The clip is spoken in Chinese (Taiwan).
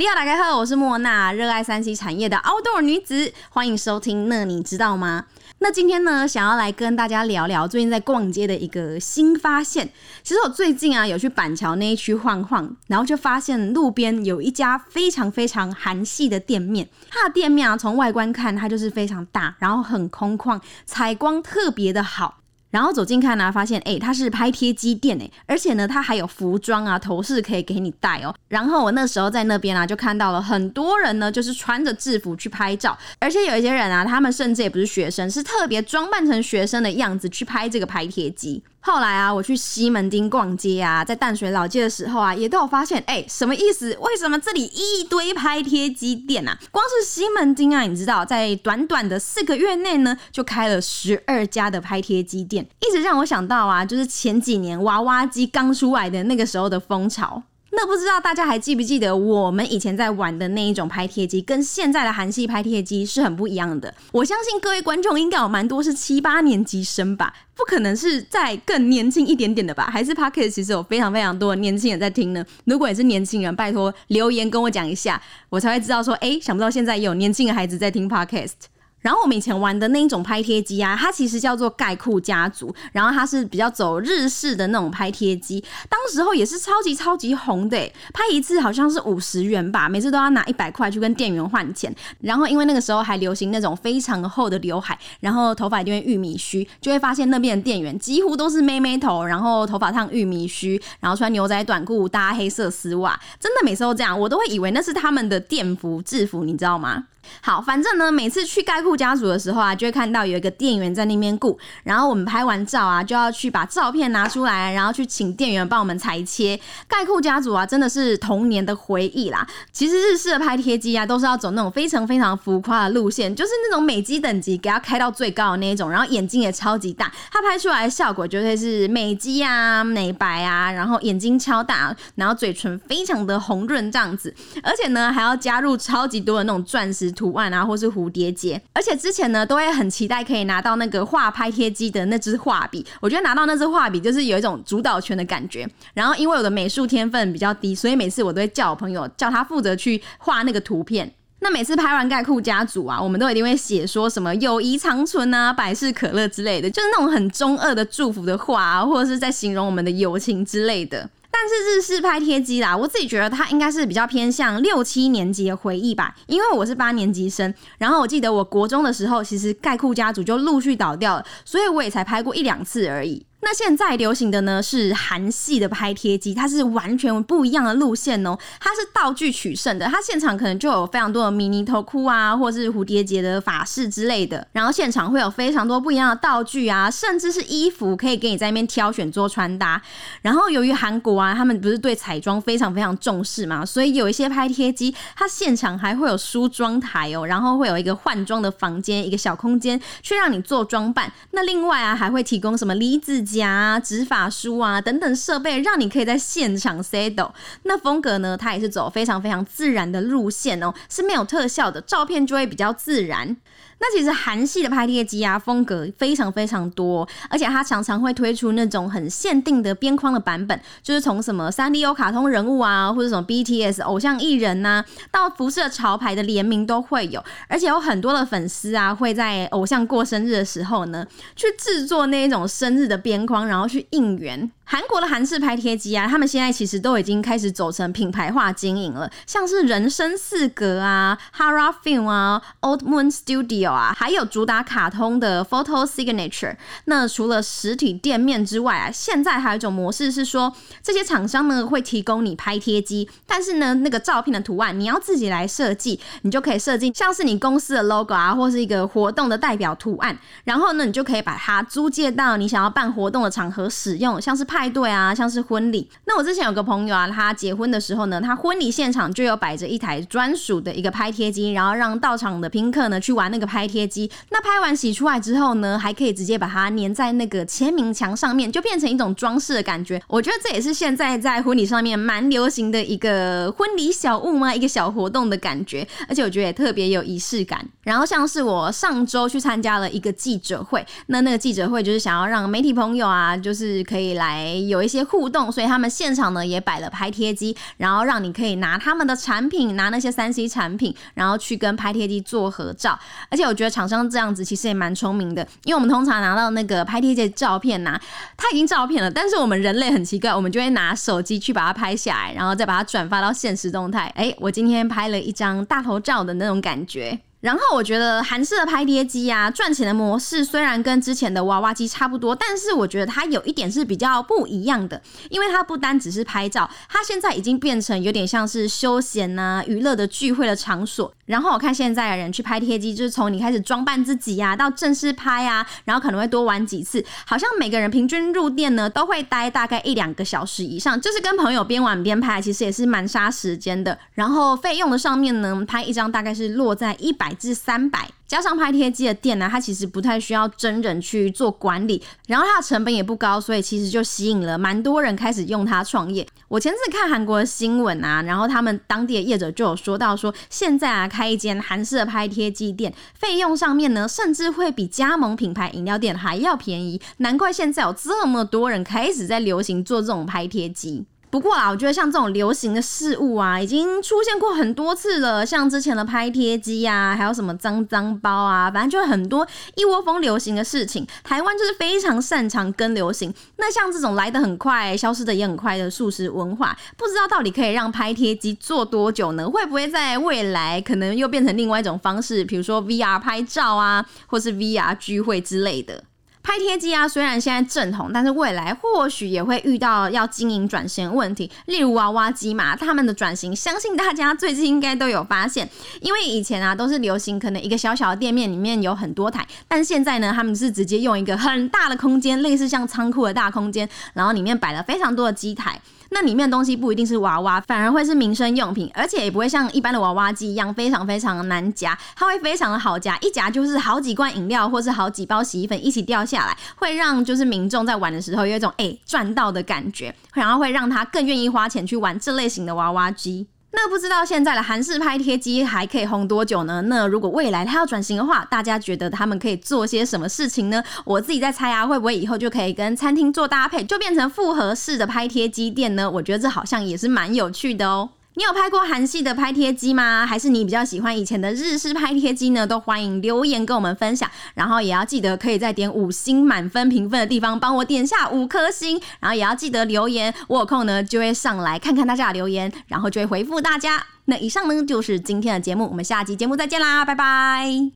你好，大家好，我是莫娜，熱愛 3C 產業的 Outdoor 女子，歡迎收聽。那你知道嗎？那今天呢，想要來跟大家聊聊最近在逛街的一個新發現。其實我最近啊，有去板橋那一區晃晃，然後就發現路邊有一家非常非常韓系的店面。它的店面啊，從外觀看，它就是非常大，然後很空曠，採光特別的好。然後走近看呢、啊，發現哎、欸，它是拍貼機店哎，而且呢，它還有服裝啊、頭飾可以給你戴哦。然後我那時候在那邊啊，就看到了很多人呢，就是穿着制服去拍照，而且有一些人啊，他們甚至也不是學生，是特別裝扮成學生的樣子去拍這個拍貼機。後來啊，我去西門町逛街啊，在淡水老街的時候啊，也都有發現，誒，什麼意思？為什麼這裡一堆拍貼機店啊？光是西門町啊，你知道，在短短的四個月內呢，就開了十二家的拍貼機店，一直讓我想到啊，就是前幾年娃娃機剛出來的那個時候的風潮。那不知道大家還記不記得我們以前在玩的那一種拍貼機，跟現在的韓系拍貼機是很不一樣的。我相信各位觀眾應該有蠻多是七八年級生吧？不可能是再更年輕一點點的吧？還是 Podcast 其實有非常非常多年輕人在聽呢？如果也是年輕人，拜託留言跟我講一下，我才會知道說，哎、欸，想不到現在也有年輕的孩子在聽 Podcast。然後我們以前玩的那一種拍貼機啊，它其實叫做蓋酷家族，然後它是比較走日式的那種拍貼機，當時候也是超級超級紅的，拍一次好像是五十元吧，每次都要拿一百塊去跟店員換錢。然後因為那個時候還流行那種非常厚的劉海，然後頭髮一邊玉米鬚，就會發現那邊的店員幾乎都是妹妹頭，然後頭髮燙玉米鬚，然後穿牛仔短褲搭黑色絲襪，真的每次都這樣，我都會以為那是他們的店服制服，你知道嗎？好，反正呢，每次去蓋酷家族的時候啊，就會看到有一個店員在那邊顧，然後我們拍完照啊，就要去把照片拿出來，然後去請店員幫我們裁切。蓋酷家族啊，真的是童年的回憶啦。其實日式的拍貼機啊，都是要走那種非常非常浮誇的路線，就是那種美肌等級給它開到最高的那一種，然後眼睛也超級大，它拍出來的效果絕對是美肌呀、啊、美白啊，然後眼睛超大，然後嘴唇非常的紅潤這樣子，而且呢，還要加入超級多的那種鑽石。圖案啊，或是蝴蝶結，而且之前呢，都會很期待可以拿到那個畫拍貼機的那支畫筆。我覺得拿到那支畫筆，就是有一種主導權的感覺。然後因為我的美術天分比較低，所以每次我都會叫我朋友叫他負責去畫那個圖片。那每次拍完蓋酷家族啊，我們都一定會寫說什麼友誼長存啊、百事可樂之類的，就是那種很中二的祝福的話啊，或者是在形容我們的友情之類的。但是日式拍貼機啦，我自己覺得它應該是比較偏向六七年級的回憶吧，因為我是八年級生，然後我記得我國中的時候，其實蓋庫家族就陸續倒掉了，所以我也才拍過一兩次而已。那現在流行的呢，是韓系的拍貼機，它是完全不一樣的路線哦、喔。它是道具取勝的，它現場可能就有非常多的迷你頭箍啊，或者是蝴蝶結的髮飾之類的。然後現場會有非常多不一樣的道具啊，甚至是衣服可以給你在那邊挑選做穿搭。然後由於韓國啊，他們不是對彩妝非常非常重視嘛，所以有一些拍貼機，它現場還會有梳妝台哦、喔，然後會有一個換裝的房間，一個小空間去讓你做裝扮。那另外啊，還會提供什麼離子。夾、直髮梳啊等等設備，讓你可以在現場 set 到。那風格呢？它也是走非常非常自然的路線哦、喔，是沒有特效的，照片就會比較自然。那其實韓系的拍貼機啊，風格非常非常多，而且它常常會推出那種很限定的邊框的版本，就是從什麼三 D 有卡通人物啊，或者什麼 BTS 偶像藝人吶、啊,到服飾潮牌的聯名都會有。而且有很多的粉絲啊，會在偶像過生日的時候呢，去製作那一種生日的邊然後去應援。韓國的韓式拍貼機啊，他們現在其實都已經開始走成品牌化經營了，像是人生四格啊、Hara Film 啊、Old Moon Studio 啊，還有主打卡通的 Photo Signature。那除了實體店面之外啊，現在還有一種模式是說，這些廠商呢會提供你拍貼機，但是呢那個照片的圖案你要自己來設計，你就可以設計像是你公司的 logo 啊，或是一個活動的代表圖案，然後呢你就可以把它租借到你想要辦活動的場合使用，像是拍。派對啊，像是婚禮。那我之前有個朋友啊，他結婚的時候呢，他婚禮現場就有擺着一台專屬的一個拍貼機，然後讓到場的賓客呢去玩那個拍貼機。那拍完洗出來之後呢，還可以直接把它粘在那個簽名牆上面，就變成一種裝飾的感覺。我覺得這也是現在在婚禮上面蠻流行的一個婚禮小物嘛，一個小活動的感覺。而且我覺得也特別有儀式感。然後像是我上周去參加了一個記者會，那那個記者會就是想要讓媒體朋友啊，就是可以來。有一些互動，所以他們現場呢也擺了拍貼機，然後讓你可以拿他們的產品，拿那些三 C 產品，然後去跟拍貼機做合照。而且我覺得廠商這樣子其實也蠻聰明的，因為我們通常拿到那個拍貼機的照片呢、啊，它已經照片了，但是我們人類很奇怪，我們就會拿手機去把它拍下來，然後再把它轉發到限時動態。誒、欸，我今天拍了一張大頭照的那種感覺。然後我覺得韓式的拍貼機啊，賺錢的模式雖然跟之前的娃娃機差不多，但是我覺得它有一點是比較不一樣的，因為它不單只是拍照，它現在已經變成有點像是休閒啊、娛樂的聚會的場所。然後我看現在的人去拍貼機，就是從你開始裝扮自己啊，到正式拍啊，然後可能會多玩幾次，好像每個人平均入店呢都會待大概一兩個小時以上，就是跟朋友邊玩邊拍，其實也是蠻殺時間的。然後費用的上面呢，拍一張大概是落在一百至三百。300加上拍貼機的店呢，它其實不太需要真人去做管理，然後它的成本也不高，所以其實就吸引了蠻多人開始用它創業。我前次看韓國的新聞啊，然後他們當地的業者就有說到說，現在啊，開一間韓式的拍貼機店，費用上面呢，甚至會比加盟品牌飲料店還要便宜，難怪現在有這麼多人開始在流行做這種拍貼機。不過啊，我覺得像這種流行的事物啊，已經出現過很多次了，像之前的拍貼機啊，還有什麼髒髒包啊，反正就是很多一窩蜂流行的事情。台灣就是非常擅長跟流行。那像這種來的很快，消失的也很快的速食文化，不知道到底可以讓拍貼機做多久呢？會不會在未來可能又變成另外一種方式，比如說 VR 拍照啊，或是 VR 聚會之類的？拍貼機啊，雖然現在正紅，但是未來或許也會遇到要經營轉型問題。例如娃娃機嘛，他們的轉型相信大家最近應該都有發現，因為以前啊都是流行可能一個小小的店面裡面有很多台，但現在呢，他們是直接用一個很大的空間，類似像倉庫的大空間，然後裡面擺了非常多的機台。那裡面的東西不一定是娃娃，反而會是民生用品，而且也不會像一般的娃娃機一樣非常非常的難夾，它會非常的好夾，一夾就是好幾罐飲料或是好幾包洗衣粉一起掉下來，會讓就是民眾在玩的時候有一種誒，賺到的感覺，然後會讓他更願意花錢去玩這類型的娃娃機。那不知道現在的韓式拍貼機還可以紅多久呢？那如果未來它要轉型的話，大家覺得他們可以做些什麼事情呢？我自己在猜啊，會不會以後就可以跟餐廳做搭配，就變成複合式的拍貼機店呢？我覺得這好像也是蠻有趣的哦、喔。你有拍過韓系的拍貼機嗎？還是你比較喜歡以前的日式拍貼機呢？都歡迎留言跟我們分享。然後也要記得可以在點五星滿分評分的地方，幫我點下五顆星。然後也要記得留言，我有空呢就會上來看看大家的留言，然後就會回復大家。那以上呢就是今天的節目，我們下期節目再見啦，拜拜。